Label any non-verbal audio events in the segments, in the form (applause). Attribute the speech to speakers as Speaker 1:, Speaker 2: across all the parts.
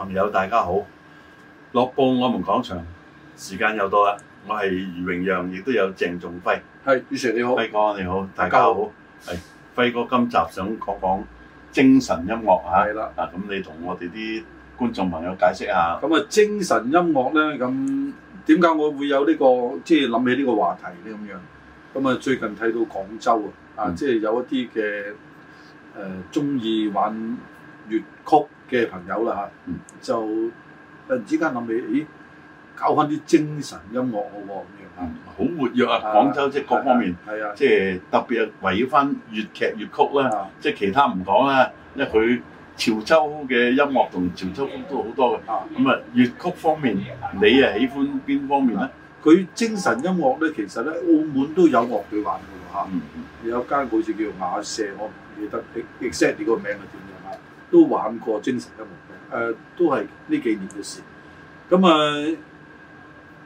Speaker 1: 朋友大家好，樂報我們講場時間又到啦，我係余榮陽，亦都有鄭仲輝，係，余 Sir 你好，輝哥你好，大家好，係，輝哥今集想講講精神音樂吓，係啦，啊咁你同我哋啲觀眾朋友解釋下，咁啊精神音樂咧，咁點解我會有呢、這個即係諗起呢個話題咧咁樣，咁啊最近睇到廣州、嗯、啊，啊即係有一啲嘅誒中意玩，粵曲嘅朋友啦嚇、嗯，就突然之間諗起，咦，搞翻啲精神音樂喎咁樣，好、嗯、活躍啊！啊廣州即係、就是、各方面，即係、啊啊就是、特別係圍繞翻粵劇粵曲啦，即係、啊就是、其他唔講啦，因為佢潮州嘅音樂同潮州都好多嘅，咁啊粵、嗯嗯嗯嗯、曲方面，你係喜歡邊方面咧？佢、啊、精神音樂咧，其實咧澳門都有樂隊玩嘅喎、啊嗯、有間好似叫做雅舍，我唔記得，你你 send 你個名係點？都玩過精神音樂，誒、呃，都係呢幾年嘅事。咁啊，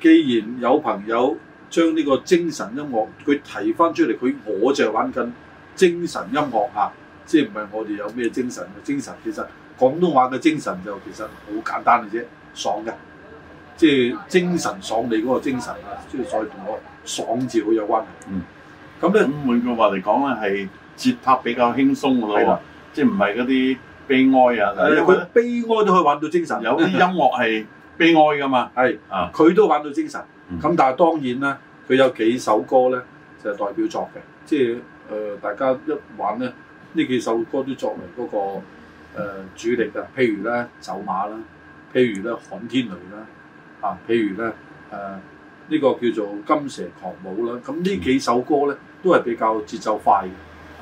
Speaker 1: 既然有朋友將呢個精神音樂佢提翻出嚟，佢我就係玩緊精神音樂啊。即係唔係我哋有咩精神嘅精神？精神其實廣東話嘅精神就其實好簡單嘅啫，爽嘅，即係精神爽利嗰個精神啊，即係再同我爽字好有關係。嗯，咁咧，換句話嚟講咧，係節拍比較輕鬆嘅咯喎，即係唔係嗰啲。悲哀啊！佢悲哀都可以玩到精神，有啲音樂係悲哀㗎嘛，係 (laughs) 啊，佢都玩到精神。咁、嗯、但係當然啦，佢有幾首歌咧就係、是、代表作嘅，即係誒大家一玩咧，呢幾首歌都作為嗰、那個、呃、主力嘅。譬如咧，走馬啦，譬如咧，旱天雷啦，啊，譬如咧誒呢、呃這個叫做金蛇狂舞啦。咁呢幾首歌咧都係比較節奏快嘅、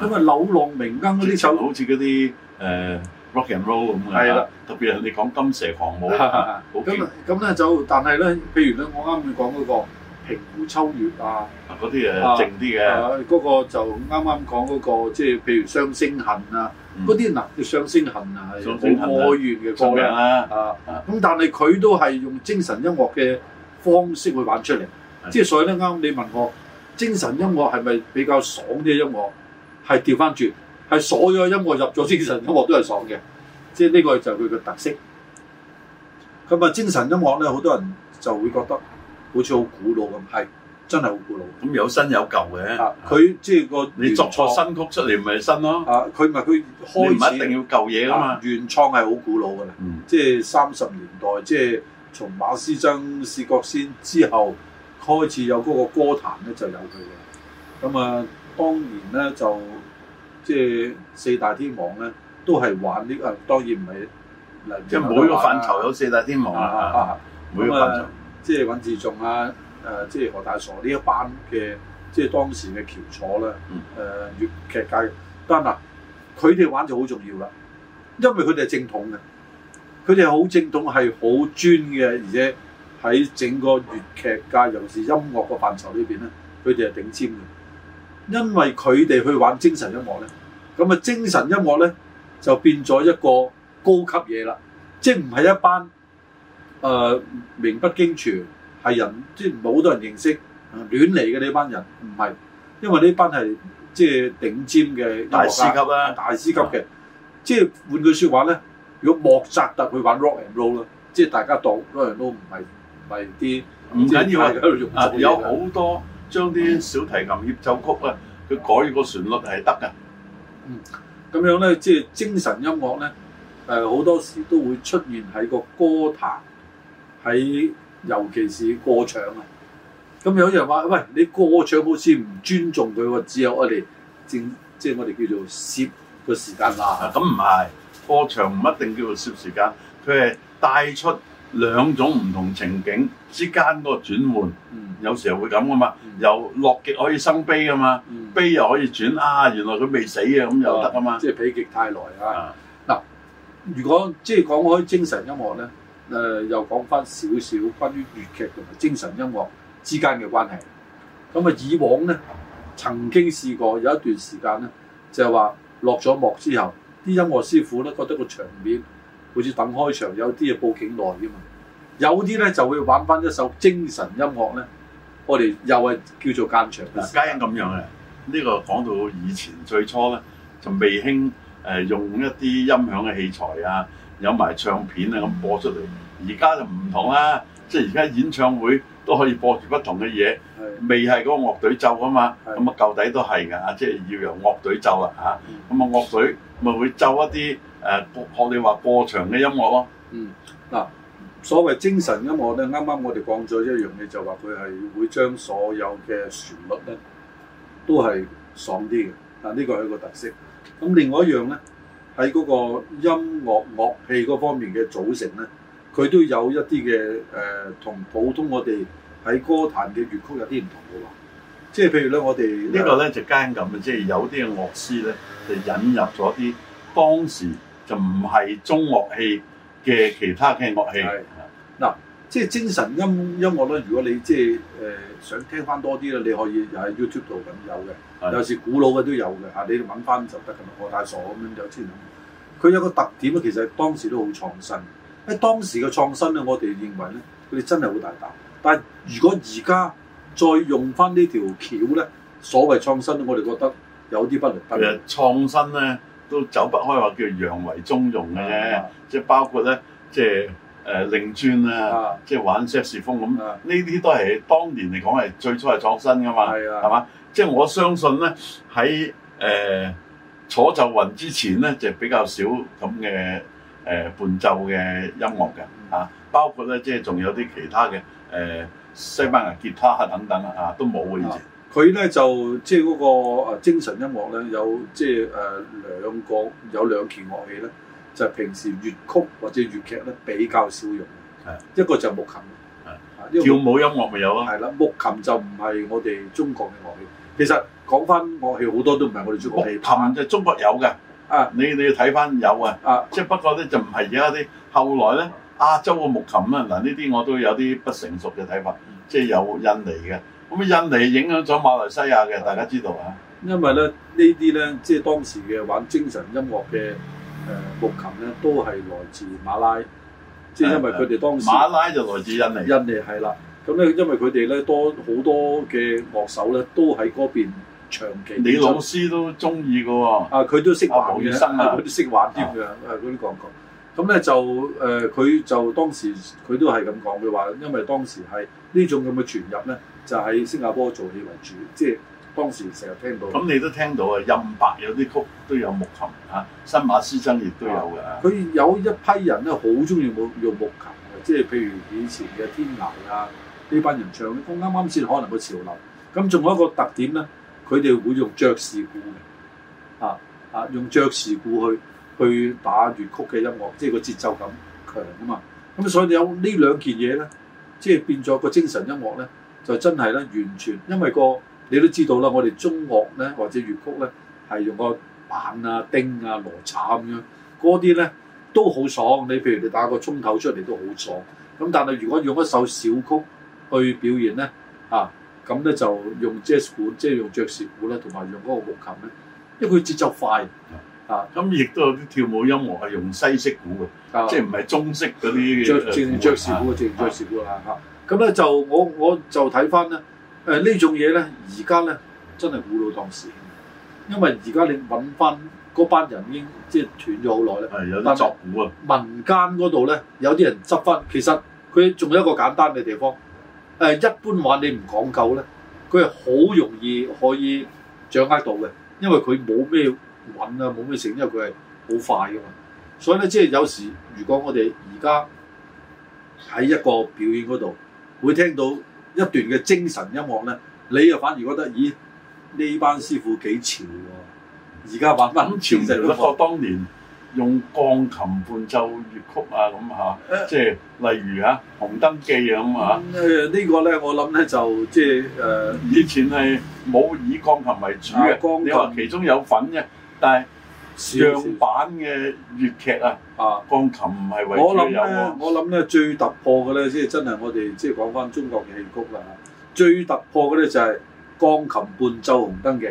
Speaker 1: 嗯，因為《柳浪明韻、嗯》嗰啲就好似嗰啲。誒 rock and roll 咁嘅，特別係你講金蛇狂舞，咁咁咧就，但係咧，譬如咧、那個，我啱啱講嗰個平湖秋月啊，嗰啲誒靜啲嘅，嗰、啊那個就啱啱講嗰個，即係譬如雙星恨啊，嗰啲嗱，叫雙星恨、嗯、啊，哀怨嘅歌啊，咁但係佢都係用精神音樂嘅方式去玩出嚟，即係所以咧，啱啱你問我精神音樂係咪比較爽嘅音樂？係調翻轉。係所有音樂入咗精神音樂都係爽嘅，即係呢個就係佢嘅特色。咁啊，精神音樂咧，好多人就會覺得好似好古老咁，係真係好古老。咁有新有舊嘅，佢、啊、即係個你作錯新曲出嚟咪新咯。啊，佢咪佢開始唔一定要舊嘢啊嘛。原創係好古老噶啦、嗯，即係三十年代，即係從馬師曾、薛覺先之後開始有嗰個歌壇咧，就有佢嘅。咁啊，當然咧就。即、就、係、是、四大天王咧，都係玩呢啊！當然唔係，即係每個範疇有四大天王啊，啊！每個範疇即係尹志仲啊，誒、就是，即、啊、係、就是、何大傻呢一班嘅，即、就、係、是、當時嘅翹楚啦。誒、呃，粵劇界，當然啦，佢哋玩就好重要啦，因為佢哋係正統嘅，佢哋係好正統，係好專嘅，而且喺整個粵劇界，尤其是音樂個範疇裏邊咧，佢哋係頂尖嘅。因為佢哋去玩精神音樂咧，咁啊精神音樂咧就變咗一個高級嘢啦，即係唔係一班誒、呃、名不經傳，係人即係唔係好多人認識亂嚟嘅呢班人，唔係因為呢班係即係頂尖嘅大師級啊，大師級嘅，啊啊，即係換句説話咧，如果莫扎特去玩 rock and roll 啦，即係大家當都係都唔係唔係啲唔緊要喺度用，啊，有好多。將啲小提琴協奏曲啊，佢改個旋律係得噶。嗯，咁樣咧，即係精神音樂咧，誒、呃、好多時都會出現喺個歌壇，喺尤其是歌唱啊。咁有啲人話，喂，你歌唱好似唔尊重佢喎，只有我哋正即係我哋叫做攝個時間嗱、嗯。咁唔係，歌唱唔一定叫做攝時間，佢係帶出。兩種唔同情景之間嗰個轉換，有時候會咁噶嘛，由樂極可以生悲噶嘛、嗯，悲又可以轉啊，原來佢未死啊，咁又得噶嘛，即係否極泰來啊。嗱、啊，如果即係講開精神音樂咧，誒、呃、又講翻少少關於粵劇同埋精神音樂之間嘅關係。咁啊，以往咧曾經試過有一段時間咧，就係、是、話落咗幕之後，啲音樂師傅咧覺得個場面。好似等開場，有啲啊報警耐嘅嘛，有啲咧就會玩翻一首精神音樂咧，我哋又係叫做間場嘅時間咁樣嘅。呢個講到以前最初咧，就未興誒用一啲音響嘅器材啊，有埋唱片啊咁播出嚟。而家就唔同啦，即係而家演唱會都可以播住不同嘅嘢，未係嗰個樂隊奏啊嘛，咁啊舊底都係㗎，即係要由樂隊奏啊嚇，咁啊樂隊咪會奏一啲。誒學你話過場嘅音樂咯，嗯，嗱，所謂精神音樂咧，啱啱我哋講咗一樣嘢，就話佢係會將所有嘅旋律咧都係爽啲嘅，但，呢個係一個特色。咁另外一樣咧，喺嗰個音樂樂器嗰方面嘅組成咧，佢都有一啲嘅誒，同、呃、普通我哋喺歌壇嘅粵曲有啲唔同嘅喎。即係譬如咧，我哋呢個咧，呃，就間咁嘅，即係有啲嘅樂師咧就引入咗啲當時。唔係中樂器嘅其他嘅樂器。嗱，即係精神音音樂咧。如果你即係誒想聽翻多啲咧，你可以喺 YouTube 度揾有嘅。有時古老嘅都有嘅嚇，你揾翻就得噶啦。我太傻咁樣的有啲。佢有個特點咧，其實當時都好創新。喺當時嘅創新咧，我哋認為咧，佢哋真係好大膽。但係如果而家再用翻呢條橋咧，所謂創新，我哋覺得有啲不倫不類。創新咧，都走不開話叫洋為中用嘅啫，即係包括咧，即係誒令尊啊，即係玩爵士風咁，呢啲都係當年嚟講係最初係創新噶嘛，係嘛？即係、就是、我相信咧，喺誒、呃、坐就雲之前咧，就是、比較少咁嘅誒伴奏嘅音樂嘅啊，包括咧即係仲有啲其他嘅誒、呃、西班牙吉他等等啊，都冇嘅以前。佢咧就即係嗰個精神音樂咧，有即係誒兩個有兩件樂器咧，就係、是、平時粵曲或者粵劇咧，比較少用。係一個就係木琴。係。跳舞音樂咪有啊？係啦，木琴就唔係我哋中國嘅樂器。其實講返樂器好多都唔係我哋中國嘅。木琴就中國有嘅。啊。你你要睇返有啊。啊。即係不過咧就唔係而家啲後來咧、啊、亞洲嘅木琴咧嗱，呢啲我都有啲不成熟嘅睇法，即、就、係、是、有印尼嘅。咁印尼影響咗馬來西亞嘅，大家知道啊？因為咧呢啲咧，即係當時嘅玩精神音樂嘅誒木琴咧，都係來自馬拉。即、嗯、係因為佢哋當時馬拉就來自印尼。印尼係啦，咁咧因為佢哋咧多好多嘅樂手咧，都喺嗰邊長期。你老師都中意嘅喎。啊，佢都識玩嘅，佢、啊、都識玩啲咁樣。嗰啲講講。咁咧、啊、就誒，佢、呃、就當時佢都係咁講嘅話，因為當時係呢種咁嘅傳入咧。就喺、是、新加坡做嘢為主，即係當時成日聽到。咁你都聽到啊，任白有啲曲都有木琴，新馬師曾亦都有㗎。佢、啊、有一批人咧，好中意用用木琴嘅，即係譬如以前嘅天籟啊，呢班人唱嘅，咁啱啱先可能個潮流。咁仲有一個特點咧，佢哋會用爵士鼓嘅、啊啊，用爵士鼓去去打粵曲嘅音樂，即係個節奏感強啊嘛。咁所以有呢兩件嘢咧，即係變咗個精神音樂咧。就真係咧，完全因為個你都知道啦，我哋中樂咧或者粵曲咧，係用個板啊、釘啊、羅剎咁樣嗰啲咧都好爽。你譬如你打個鐘頭出嚟都好爽。咁但係如果用一首小曲去表現咧啊，咁咧就用，jazz 鼓、即係、用爵士鼓，即係用爵士鼓啦，同埋用嗰個木琴咧，因為佢節奏快、嗯、啊。咁亦都有啲跳舞音樂係用西式鼓嘅、嗯，即係唔係中式嗰啲。啊、爵士、啊、正爵士鼓啊，正爵士鼓咁咧就我我就睇翻咧，誒、呃、呢種嘢咧，而家咧真係古老當時，因為而家你揾翻嗰班人已經即係斷咗好耐咧，係有啲作古啊！民間嗰度咧有啲人執翻，其實佢仲有一個簡單嘅地方，誒、呃、一般話你唔講究咧，佢係好容易可以掌握到嘅，因為佢冇咩揾啊，冇咩成，因為佢係好快噶嘛。所以咧，即係有時如果我哋而家喺一個表演嗰度。會聽到一段嘅精神音樂咧，你又反而覺得，咦？呢班師傅幾潮喎！而家揾翻以前嗰個當年用鋼琴伴奏粵曲啊，咁、呃、嚇，即係例如啊，《紅燈記》啊咁啊。誒、呃這個、呢個咧，我諗咧就即係誒，以前係冇以鋼琴為主嘅、呃，你話其中有份嘅，但係。樣板嘅粵劇啊，啊鋼琴唔係為最、啊。我諗咧，我諗咧最突破嘅咧，即係真係我哋即係講翻中國嘅戲曲啦。最突破嘅咧就係鋼、就是、琴伴奏紅燈記。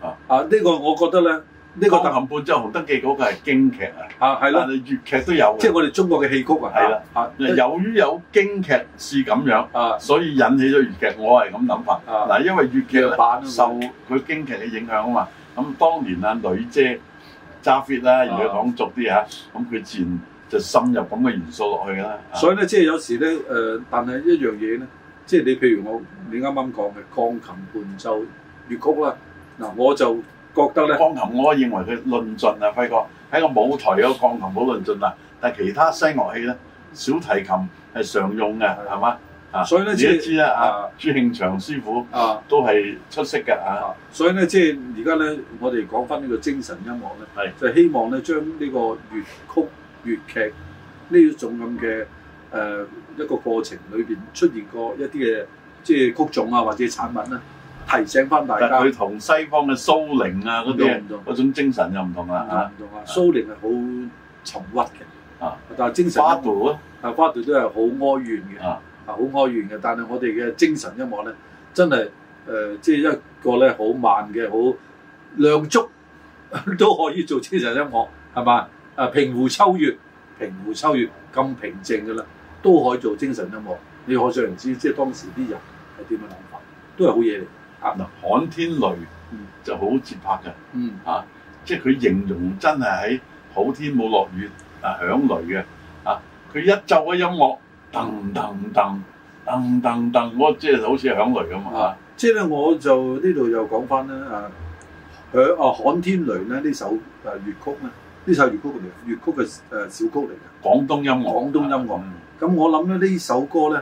Speaker 1: 啊啊呢、這個我覺得咧，呢個鋼琴伴奏紅燈記嗰個係京劇啊。啊係啦，但係粵劇都有、啊。即係我哋中國嘅戲曲啊，係啦、啊。啊，由於有京劇是咁樣啊，所以引起咗粵劇。我係咁諗法。啊，嗱、啊，因為粵劇、這個版、受佢京劇嘅影響啊嘛。咁當年啊，女姐揸 fit 啦，如果講俗啲嚇，咁佢自然就深入咁嘅元素落去啦。所以咧，即係有時咧，誒、呃，但係一樣嘢咧，即係你譬如我，你啱啱講嘅鋼琴伴奏粵曲啦，嗱，我就覺得咧，鋼琴我認為佢論盡啊，輝哥喺個舞台嗰個鋼琴好論盡啊，但係其他西樂器咧，小提琴係常用嘅，係嘛？是所以咧、就是，你知啦、啊，啊，朱慶祥師傅是啊，都係出色噶啊！所以咧，即係而家咧，我哋講翻呢個精神音樂咧，係就是、希望咧，將呢個粵曲樂劇這這、粵劇呢一種咁嘅誒一個過程裏邊出現過一啲嘅即係曲種啊，或者產品啦，提醒翻大家。但係佢同西方嘅蘇寧啊嗰啲嗰種精神又唔同啦嚇。唔同啊！蘇寧係好沉鬱嘅啊，但係精神。巴布啊，但係巴布都係好哀怨嘅啊。啊，好哀怨嘅，但係我哋嘅精神音樂咧，真係誒，即、呃、係、就是、一個咧，好慢嘅，好量足都可以做精神音樂，係嘛？啊，平湖秋月，平湖秋月咁平靜嘅啦，都可以做精神音樂。你可想而知道，即係當時啲人係點樣諗法，都係好嘢嚟、嗯。啊，嗱，旱天雷就好節拍嘅，嚇，即係佢形容真係喺好天冇落雨啊，響雷嘅，啊，佢、啊、一奏嘅音樂。噔噔噔噔噔噔，噔噔噔，我、嗯、即係好似響雷咁嘛，即係咧，我就，就呢度又講翻咧嚇，響啊《旱、啊、天雷》咧呢首誒、啊、粵曲咧，呢首粵曲嘅粵曲嘅誒小曲嚟嘅。廣東音樂，廣東音樂。咁、嗯嗯、我諗咧呢首歌咧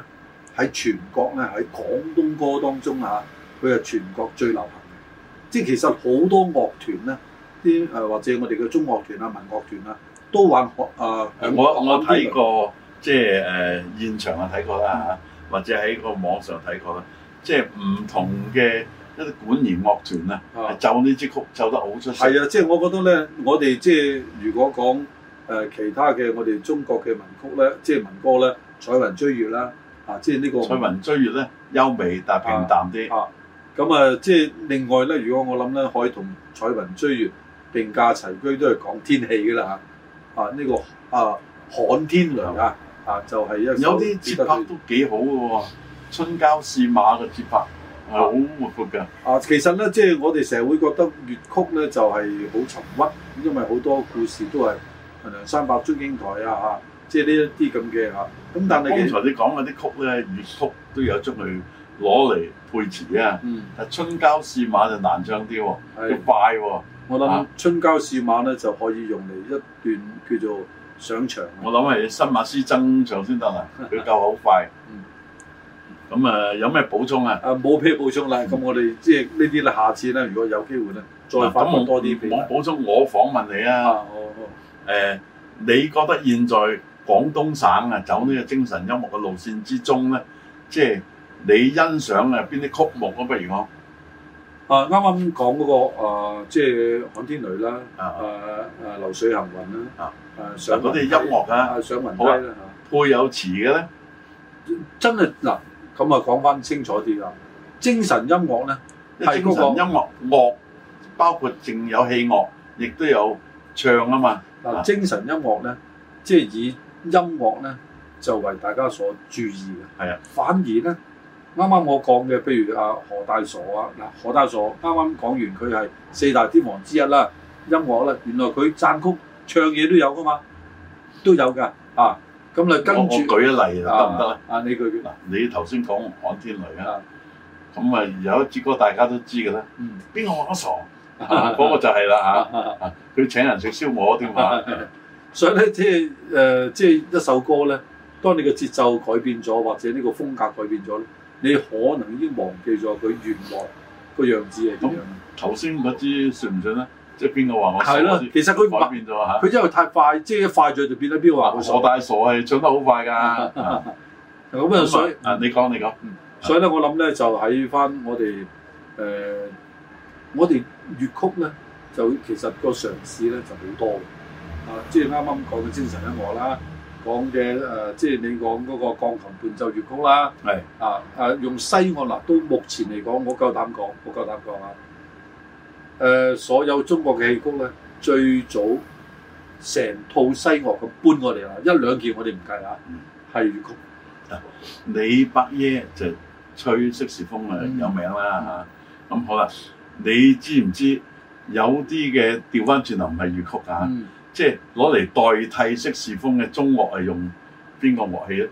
Speaker 1: 喺全國咧喺廣東歌當中嚇，佢係全國最流行嘅。即係其實好多樂團咧，啲誒或者我哋嘅中樂團啊、民樂團啊，都玩學誒、啊。我、啊、我睇過。即係誒、呃、現場啊睇過啦嚇、嗯，或者喺個網上睇過啦。即係唔同嘅一啲管弦樂團啊，就呢支曲奏得好出色、啊呃。啊，即係我覺得咧，我哋即係如果講誒其他嘅我哋中國嘅民曲咧，即係民歌咧，《彩雲追月》啦，啊，即係呢個《彩雲追月》咧，優美但係平淡啲。啊，咁啊，啊，即係另外咧，如果我諗咧，可以同《彩雲追月》並駕齊驅，都係講天氣噶啦嚇。啊，呢、這個啊，旱天涼啊。啊，就係、是、一首有啲節拍都幾好嘅喎、啊，啊《春郊試馬的拍》嘅節拍係好活潑嘅。啊，其實咧，即、就、係、是、我哋社日社會會覺得粵曲咧就係、是、好沉鬱，因為好多故事都係《梁山伯與祝英台啊》啊，嚇、就是，即係呢一啲咁嘅嚇。咁但係，剛才你講嗰啲曲咧，粵曲都有將佢攞嚟配詞啊。嗯。但《春郊試馬》就難唱啲喎，要快喎、啊。我諗《春郊試馬》咧就可以用嚟一段叫做。上場，我諗係新馬師曾唱先得啦，佢夠好快。咁、嗯、啊，有咩補充啊？啊，冇咩補充啦。咁、嗯、我哋即係呢啲咧，下次咧，如果有機會咧、啊，再訪問多啲。我補充，我訪問你啊。哦、呃、你覺得現在廣東省啊，走呢個精神音樂嘅路線之中咧，即係你欣賞啊邊啲曲目啊？不如講。啊，啱啱講嗰個、呃、即係《旱天雷》啦、呃，啊啊，《流水行雲》啦、啊。誒，上嗰啲音樂啊，上文歌啦、啊、配有詞嘅咧，真係嗱，咁啊講翻清楚啲、啦、啊，啊，精神音樂咧係嗰個音樂，樂包括淨有器樂，亦都有唱啊嘛。嗱，精神音樂咧，即係以音樂咧就為大家所注意嘅。係啊，反而咧，啱啱我講嘅，譬如阿何大傻啊，嗱，何大傻啱啱講完佢係四大天王之一啦，音樂咧，原來佢贊曲。唱嘢都有噶嘛，都有噶啊！咁你跟住，我舉一例得唔得咧？啊，你具舉嗱，你頭先講《旱天雷》啊，咁啊有一支歌大家都知嘅啦，邊、嗯、個玩傻？嗰、啊啊啊那個就係啦嚇，佢、啊啊啊、請人食燒鵝添，所以咧、呃、即係誒即係一首歌咧，當你嘅節奏改變咗，或者呢個風格改變咗咧，你可能已經忘記咗佢原來個樣子係點。頭先嗰支算唔算咧？即係邊個話我？係咯，其實佢唔變咗吓，佢因為太快，啊、即係一快咗就變咗邊個話傻大傻氣，唱得好快㗎。咁 (laughs) 啊，所以啊，你講你講，所以咧、嗯，我諗咧就喺翻我哋誒、呃，我哋粵曲咧就其實個嘗試咧就好多啊，即係啱啱講嘅精神音樂啦，講嘅誒、啊，即係你講嗰個鋼琴伴奏粵曲啦，係啊，啊用西樂啦、啊，都目前嚟講，我夠膽講，我夠膽講啊。誒、呃、所有中國嘅戲曲咧，最早成套西樂咁搬過嚟啦，一兩件我哋唔計啊，係粵曲。李伯爺就吹色士風啊、嗯，有名啦嚇。咁、嗯啊、好啦，你知唔知有啲嘅調翻轉頭唔係粵曲啊？嗯、即係攞嚟代替色士風嘅中樂係用邊個樂器咧？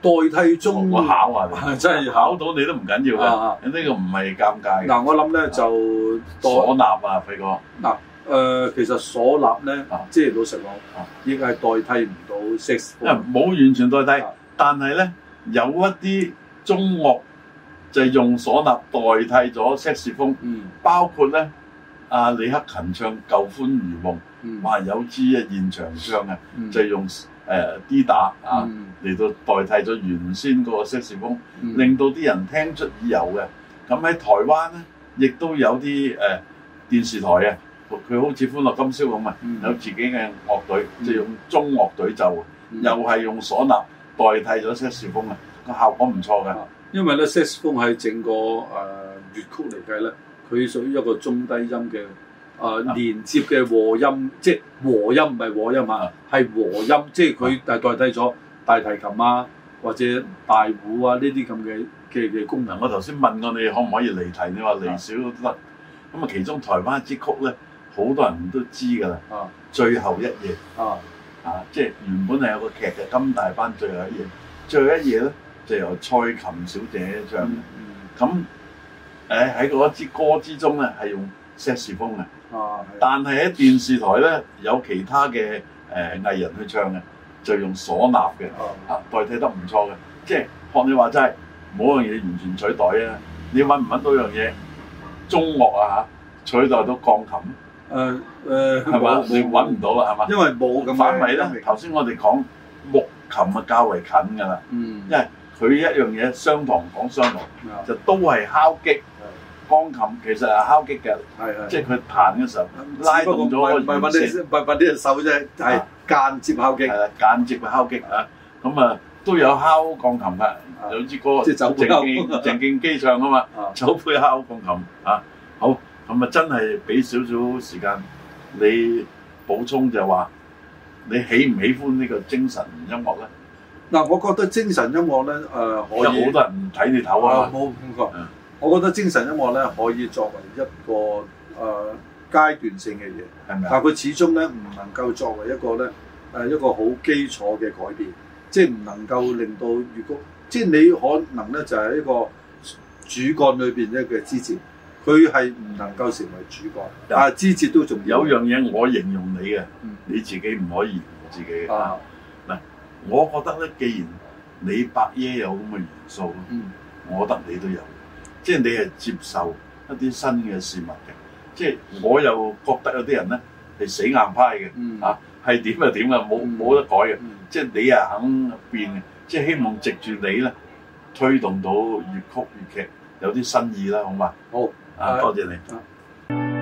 Speaker 1: 代替中、哦、考啊！真係考，考到你都唔緊要嘅，呢、啊這個唔係尷尬的。嗱、啊，我諗咧就鎖納啊，飛哥。嗱，誒、啊呃，其實鎖納咧，即係老實講、啊，亦係代替唔到 saxophone 冇完全代替，啊、但係咧有一啲中樂就係用鎖納代替咗 saxophone 包括咧，阿李克勤唱《舊歡如夢》，哇、嗯，有支啊現場唱啊、嗯，就係、用。誒、呃、D 打啊，嚟、嗯、到代替咗原先嗰個薩克斯風、嗯，令到啲人聽出耳油嘅。咁喺台灣咧，亦都有啲誒、呃、電視台啊，佢好似歡樂今宵咁啊、嗯，有自己嘅樂隊，即係、用中樂隊奏，嗯、又係用嗩吶代替咗薩克斯風啊，個效果唔錯㗎，因為咧，薩克斯風喺整個誒粵、呃、曲嚟計咧，佢屬於一個中低音嘅。誒連接嘅和音、啊，即係和音唔係和音啊，係和音，和音啊、即係佢係代替咗大提琴啊或者大鼓啊呢啲咁嘅嘅嘅功能。我頭先問過你可唔可以離題，你話離少都得。咁啊，其中台灣一支曲咧，好多人都知㗎啦、啊。最後一夜啊，啊，即係原本係有個劇嘅金大班最後一夜，最後一夜咧就由蔡琴小姐唱嘅。咁誒喺嗰支歌之中咧係用 saxophone 嘅。哦、啊，但係喺電視台咧，有其他嘅誒、呃、藝人去唱嘅，就用嗩吶嘅，嚇、啊、代替得唔錯嘅，即係學你話齋係冇樣嘢完全取代啊！你揾唔揾到樣嘢，中樂啊嚇取代到鋼琴？誒、啊、誒，係、呃、嘛？你揾唔到啦，係嘛？因為冇咁反尾咧，頭先、嗯、我哋講木琴啊，較為近㗎啦，因為佢一樣嘢雙簧講雙簧，就都係敲擊。鋼琴其實係敲擊嘅，係即係佢彈嘅時候拉動咗嗰啲線。唔係揾啲，唔係揾啲手啫，係間接敲擊。係啊，間接嘅敲擊的啊。咁啊，都有敲鋼琴㗎，有支歌，即鄭敬鄭敬基唱㗎嘛，酒、啊、杯敲鋼琴啊。好，咁啊，真係俾少少時間你補充就，就話你喜唔喜歡呢個精神音樂咧？嗱、啊，我覺得精神音樂咧，誒、呃、可以有好多人唔睇你頭啊冇我覺得精神音樂咧，可以作為一個誒階、呃、段性嘅嘢，係咪？但係佢始終咧唔能夠作為一個咧、呃、一個好基礎嘅改變，即係唔能夠令到，如果即係你可能咧就係、是、一個主幹裏面一個支持，佢係唔能夠成為主幹，但支持都仲有樣嘢我形容你嘅，嗯，你自己唔可以形容自己嘅。嗱、啊，我覺得咧，既然你伯爺有咁嘅元素、嗯，我覺得你都有。即係你係接受一啲新嘅事物嘅，即、嗯、係我又覺得有啲人咧係死硬派嘅，嚇係點就點啊，冇、嗯、冇得改嘅。即、嗯、係、就是、你啊肯變嘅，即、就、係、是、希望藉住你咧推動到粵曲粵劇有啲新意啦，好嘛？好，多謝你。嗯